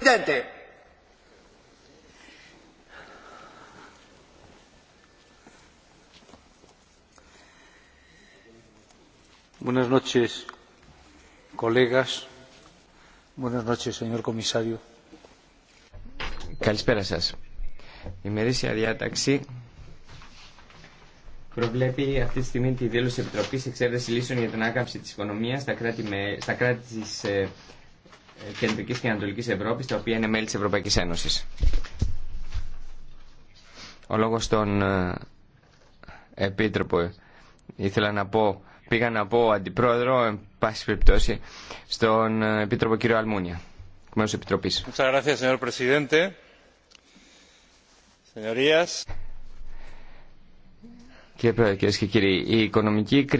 Presidente. Buenas noches, colegas. Buenas noches, señor comisario. Καλησπέρα σας. Η μερίσια διάταξη προβλέπει αυτή τη στιγμή τη δήλωση Επιτροπής Εξέβρεση Λύσεων για την Άκαμψη της Οικονομίας στα κράτη, με, στα κράτη της ε, Κεντρικής και Ανατολικής Ευρώπης, τα οποία είναι μέλη της Ευρωπαϊκής Ένωσης. Ο λόγος των ε, Επίτροπο, ήθελα να πω, πήγα να πω αντιπρόεδρο, εν πάση περιπτώσει, στον ε, Επίτροπο κύριο Αλμούνια, μέλο Επιτροπής. Κύριε Πρόεδρε, κυρίες και κύριοι, η οικονομική κρίση